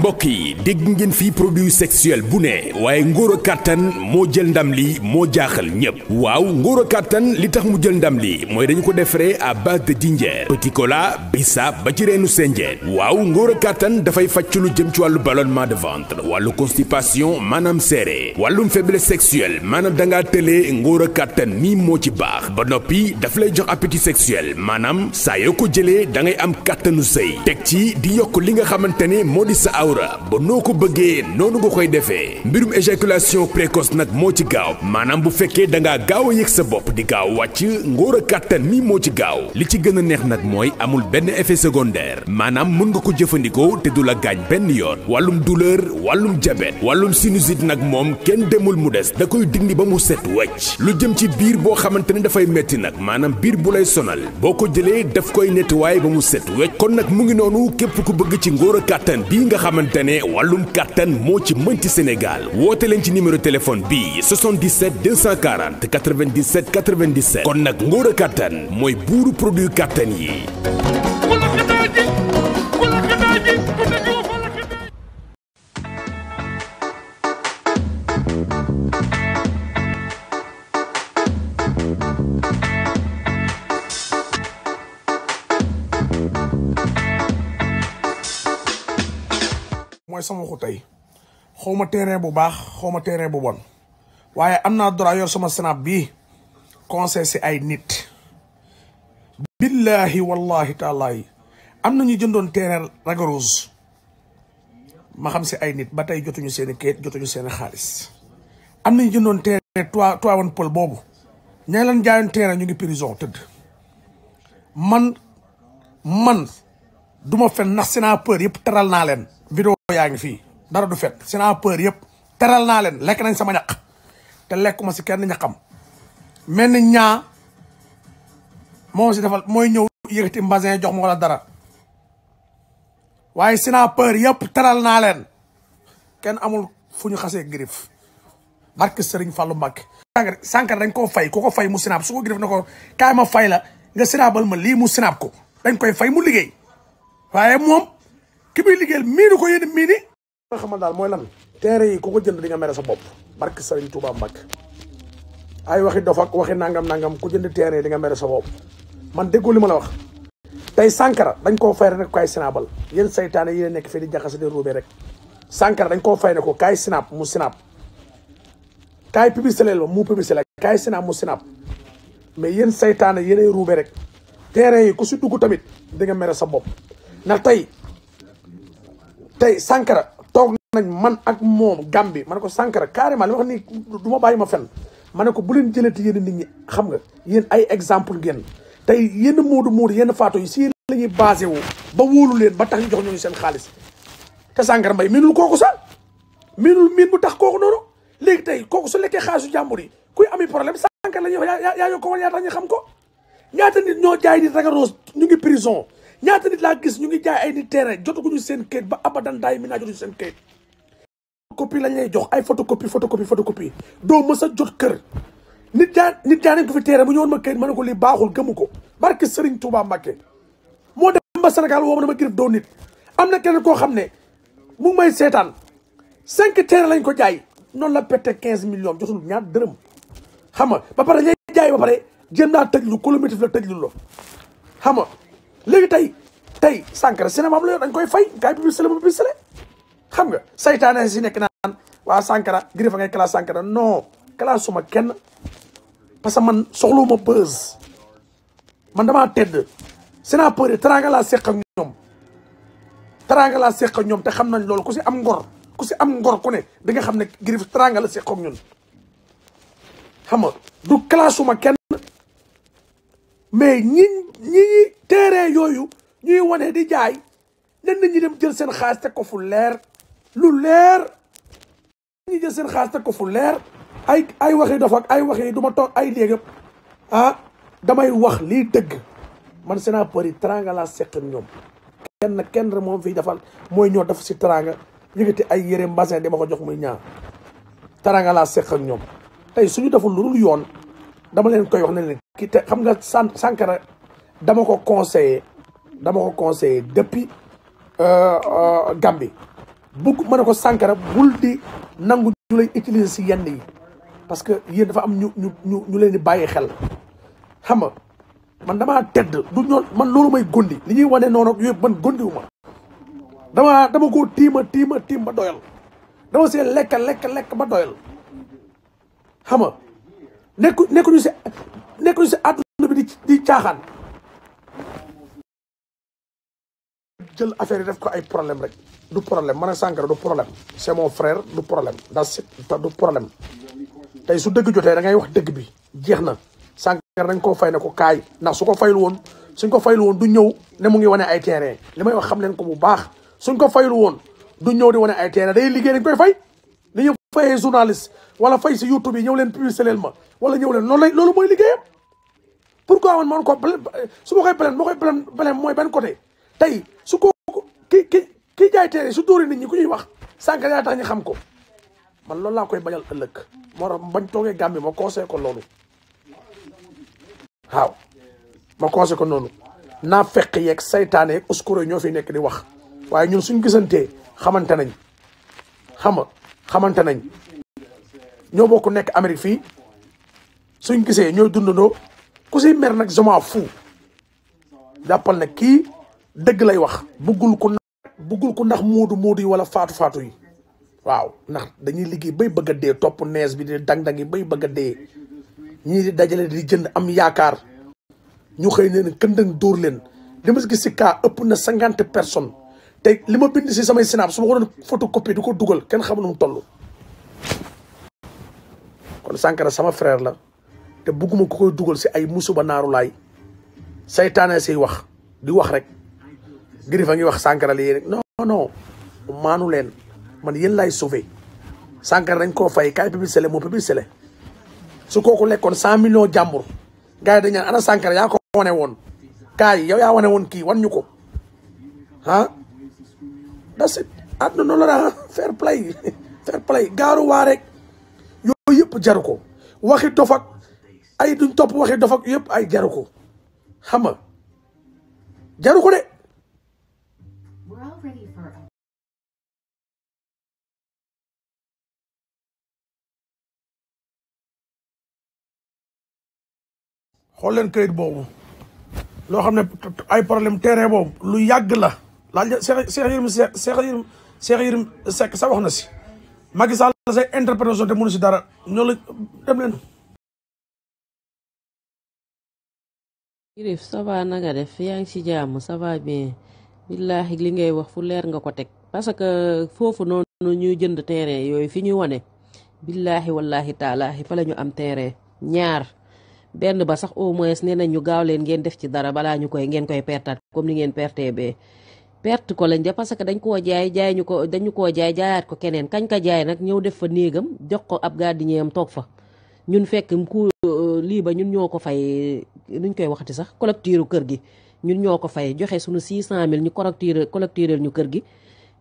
mbokk yi dégg ngeen fii produit sexuel bu ne waaye ngóor a kàttan moo jël ndam li moo jaaxal ñépp waaw ngóor a kàttan li tax mu jël ndam li mooy dañu ko defaree à base de dinjeer petit cola bisaab ba ci reenu senjeen waaw ngóor a kàttan dafay fàcc lu jëm ci wàllu ballonnement de ventre wàllu constipation maanaam seere wàllum faiblesse sexuelle maanaam da ngaa tëlee ngóor a kàttan nii moo ci baax ba noppi dafa lay jox appétit sexuel maanaam saa yoo ko jëlee da ngay am kàttanu sëy awra ba noo ko bëggee noonu nga koy defee mbirum éjaculation précoce nag moo ci gaaw maanaam bu fekkee da gaaw a yëg sa bopp di gaaw wàcc ngóor a kàttan mi moo ci gaaw li ci gën a neex nag mooy amul benn effet secondaire maanaam mën nga ko jëfandikoo te du la gaañ benn yoon wàllum douleur wàllum diabète wàllum sinusite nag moom kenn demul mu des da koy dindi ba mu set wecc lu jëm ci biir boo xamante ne dafay metti nag maanaam biir bu lay sonal boo ko jëlee daf koy nettoyé ba mu set kon nag mu ngi noonu képp bëgg ci ngóor kàttan bii xamante ne wàllum kàttan moo ci mën ci woote leen ci numéro téléphone bi 77 240 97 97 kon nag ngóor a kàttan mooy buuru produit kàttan yi mooy sama waxu tey xaw ma terrain bu baax xaw ma terrain bu bon waaye am naa droit sama snap bi conseil si ay nit. billahi wallahi taalaay am na ñu jëndoon terrain ragarose ma xam si ay nit ba tey jotuñu seen i kayit jotuñu seeni xaalis am na ñu jëndoon terrain toi toi pël boobu ña leen jaayoon terrain ñu ngi prison tëdd man man duma fen nax si naa peur yëpp taral naa leen. yaa ngi fii dara du fet sina peur yëpp teral naa leen lekk nañ sama ñaq te lekkuma si kenn ñaqam mel ni ñaa moo si defal mooy ñëw yëkkati mbasin jox ma dara waaye sina peur yëpp teral naa leen kenn amul fu ñu xasee griffe barke Serigne Fallou Mbacké sànkar dañ koo fay ku ko fay mu sinaab su ko griffe na ko kaay ma fay la nga sinaabal ma lii mu sinaab ko dañ koy fay mu liggéey waaye moom ki muy liggéeyal miinu ko yéen miini nga xamal daal mooy lan teere yi ku ko jënd di nga mere sa bopp barke Sëriñ Tuubaa Mbàkke ay waxi dof ak waxi nangam nangam ku jënd teere yi di nga mere sa bopp man déggoo li ma la wax tey Sankara dañ koo fay rek kaay sinaabal yéen saytaane yi nekk fii di jaxase di ruubee rek Sankara dañ koo fay ne ko kaay sinaab mu sinaab kaay publicité la mu publicité la kaay sinaab mu sinaab mais yéen seytaane yéenay ruubee rek teere yi ku si dugg tamit di nga sa bopp ndax tey tey Sankara toog nañ man ak moom Gambie ma ko Sankara carrément li wax ni du ma bàyyi ma fen ma ne ko bu leen jëlati yenn nit ñi xam nga yéen ay exemple ngeen tey yenn moodu moodu yenn faatu si la ñuy basé ba wóolu leen ba tax ñu jox ñooñu seen xaalis te Sankara Mbaye miinul kooku sax miinul miin bu tax kooku noonu léegi tey kooku su lekkee xaalisu jàmbur yi kuy ami problème Sankara la ñuy wax yaa yaa yoo ko tax ñu xam ko ñaata nit ñoo jaay di ragarose ñu ngi prison ñaata nit laa gis ñu ngi jaay ay nit terrain jotaguñu seen kayit ba abadan daay mi naa jotuñu seen kayit photocopie lañ jox ay photocopie photocopie photocopie doo mës a jot kër nit jaa nit jaa nañ fi terrain bu ñëwoon ma kayit ma ko lii baaxul gëmu ko barke Serigne Touba Mbacké moo dem ba Sénégal woo dama girif doo nit am na keneen koo xam ne mu may seetaan cinq terrain lañ ko jaay noonu la pété quinze millions jotul ñaar dërëm xam nga ba pare lay jaay ba pare jéem naa tëjlu colomitif la tëjlu la xam nga léegi tey tey Sankara cinéma bu la yor dañ koy fay kaay publicité la publicité xam nga saytaane si nekk naan waa Sankara Griff ngay classe Sankara non classe suma kenn parce que man soxluwuma buzz man damaa tedd sina peur teranga laa seq ak ñoom teranga laa seq ñoom te xam nañ loolu ku si am ngor ku si am ngor ku ne di nga xam ne Griff teranga la seq ak ñun xam du classe suma kenn mais ñi ñi terrain yooyu ñuy wane di jaay nan nit ñi dem jël seen xaalis teg ko fu leer lu leer ñi jël seen xaalis teg ko fu leer ay ay waxi dof ay waxi du ma toog ay léegi ah damay wax lii dëgg man seenaa bëri teranga laa seq ñoom kenn kenn moom fii defal mooy ñoo def si teranga yëkkati ay yëre mbasin di ma ko jox muy ñaar teranga laa ñoom tey suñu deful lu dul yoon dama leen koy yox na ne leen ki te xam nga Sankara dama ko conseillé dama ko conseillé depuis euh, euh, Gambie bugg mën a ko Sankara bul di nangu ñu lay utiliser si yenn yi parce que yéen dafa am ñu ñu ñu ñu leen di bàyyi xel xam nga man damaa tedd du ñoon man loolu may gondi li ñuy wane noonu yooyu man gondiwu ma dama dama koo tiima tiima tiim ba doyal dama see lekk lekk lekk ba doyal xam nga nekku nekkuñu si nekkuñu si at bi di di caaxaan jël affaire yi def ko ay problème rek du problème man a Sankara du problème c'est mon frère du tey su dëgg jotee da ngay wax dëgg bi jeex na Sankara dañ koo fay ne ko kaay ndax su ko fayul woon suñ ko fayul woon du ñëw ne mu ngi wane ay terrain li may wax xam leen ko bu baax suñ ko fayul woon du ñëw di wane ay tere day liggéey dañ koy fay fayee journaliste wala fay si youtube yi ñëw leen publicité ma wala ñëw leen loolu loolu mooy liggéeyam pourquoi man man ko su ma koy plainte ma koy plainte mooy benn côté tey su ko ki ki kii su dóori nit ñi ku ñuy wax sànq yaa xam ko man loolu laa koy bañal ëllëg moo tax bañ toogee Gàmbi moo conseillé ko loolu waaw ma conseillé ko noonu naa fekk yeeg saytaane yeeg uskure ñoo fi nekk di wax waaye ñun suñ gisantee xamante nañ xam nga xamante nañ ñoo bokk nekk Amérique fii suñ gisee ñooy dundandoo ku si mer nag je m'en fous jàppal ne kii dëgg lay wax buggul ku ndax buggul ku ndax moodu moodu yi wala faatu faatu yi waaw ndax dañuy liggéey bay bëgg dee topp nees bi di dang-dang yi bay bëgg a dee ñii di dajale di jënd am yaakaar ñu xëy ne këndëng dóor leen li ma gis si cas ëpp na cinquante personnes te li ma bind si samay synapse su ma ko doon photocopie du ko dugal kenn xamul mu toll. kon Sankara sama frère la te bugguma ko koy dugal si ay musuba naaru laay saytaane siy wax di wax rek ngir fa ngi wax Sankara la yéen rek non non maanu leen man yéen laay sauver Sankara dañ koo fay kaay publicité moo publicité su kooku lekkoon cent millions jàmbur gars yi dañ yaa ko wane woon kaay yow yaa wane woon kii wan ñu ko ah. that's it àdduna noonu la fair play fair play gaaru waa yooyu yëpp jaru ko waxi dof ak ay duñ topp waxi dof ak yëpp ay jaru ko xam de xool leen këyit boobu loo xam ne ay problème terrain boobu lu yàgg la laaj Cheikh Cheikh Yérim Seck Cheikh Yérim Cheikh Yérim Seck sax wax na si Macky Sall say interprétation te mënu si dara ñoo la dem leen Chérif ça va nanga def yaa ngi ci jàmm ça va bien billaahi li ngay wax fu leer nga ko teg parce que foofu noonu ñuy jënd terrain yooyu fi ñu wane billaahi wallaahi taalaahi fa la ñu am terrain ñaar benn ba sax au moins nee nañ ñu gaaw leen ngeen def ci dara balaa ñu koy ngeen koy pertaat comme ni ngeen pertee bee perte ko lañ de parce que dañ koo jaay jaay ñu ko dañu koo jaay jaayaat ko keneen kañ ka jaay nag ñëw def fa néegam jox ko ab gardien am toog fa ñun fekk ku euh, lii ba ñun ñoo ko fay nuñ koy waxati sax collecteur kër gi ñun ñoo ko fay joxe suñu mille ñu collecteur collecteur ñu kër gi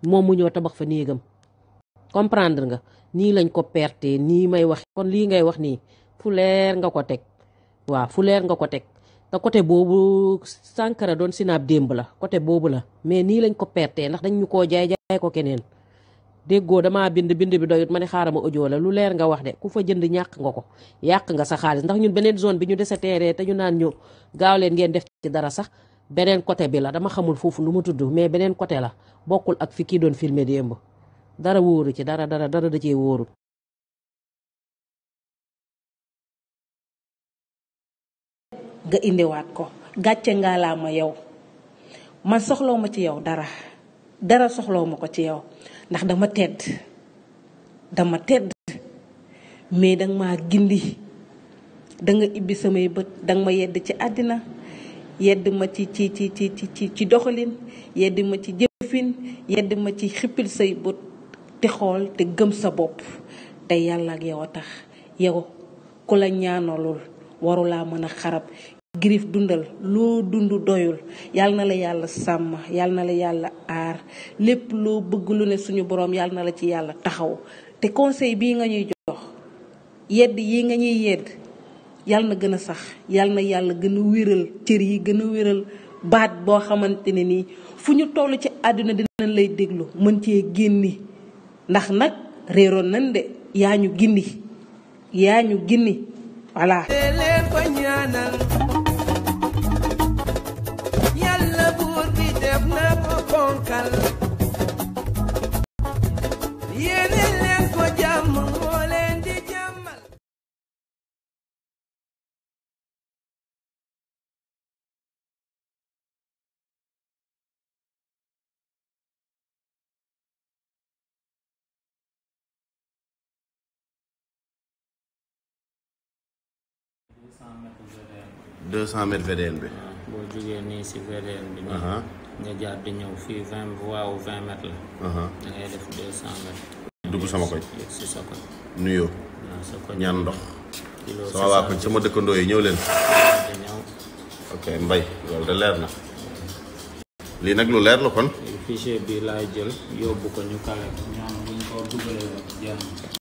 moom mu ñoo tabax fa néegam comprendre nga nii lañ ko perte nii may wax kon lii ngay wax nii fu leer nga ko teg waaw fu leer nga ko teg te côté boobu Sankara doon sinaab démb la côté boobu la mais nii lañ ko pertee ndax dañu ñu koo jaay jaay ko keneen déggoo damaa bind bind bi doyut ma ne xaaral ma audio la lu leer nga wax de ku fa jënd ñàkk nga ko yàq nga sa xaalis ndax ñun beneen zone bi ñu dese teeree te ñu naan ñu gaaw leen ngeen def ci dara sax beneen côté bi la dama xamul foofu nu mu tudd mais beneen côté la bokkul ak fi kii doon filmer démb dara wóoru ci dara dara dara da cee wóoru nga indiwaat ko gàcce ngaa laa ma yow man soxloo ma ci yow dara dara soxloo ma ko ci yow ndax dama tedd dama tedd mais danga ma gindi danga ibbi samay bët danga ma yedd ci àddina yedd ma ci ci ci ci ci doxalin yedd ma ci jëfin yedd ma ci xippil say bët te xool te gëm sa bopp te yàlla ak yow a tax yow ku la ñaanalul waru mën a xarab girif dundal loo dund doyul yal na la yàlla sàmm yal na la yàlla aar lépp loo bëgg lu ne suñu boroom yal na la ci yàlla taxaw te conseil bii nga ñuy jox yedd yi nga ñuy yedd yal na gën a sax yal na yàlla gën a wéral cër yi gën a wéral baat boo xamante ne nii fu ñu toll ci àdduna dinañ lay déglu mën cee génni ndax nag réeroon nañ de yaa ñu gindi yaa ñu gindi voilà ponkal yéene leen ko jàmm moo leen di jàmmal deux cent mètres VDN bi boo jógee nii si VDN bi nga jaar ñëw fii vingt voie vingt mètres la. Uh-huh. dugg sama koñ. si sama waa koñ sama dëkkandoo yi ñëw leen. mbay loolu de leer na. lii nag lu leer la kon. fichier bi laay jël yóbbu ko ñu kale ñoom bu ñu ko dugalee jàmm.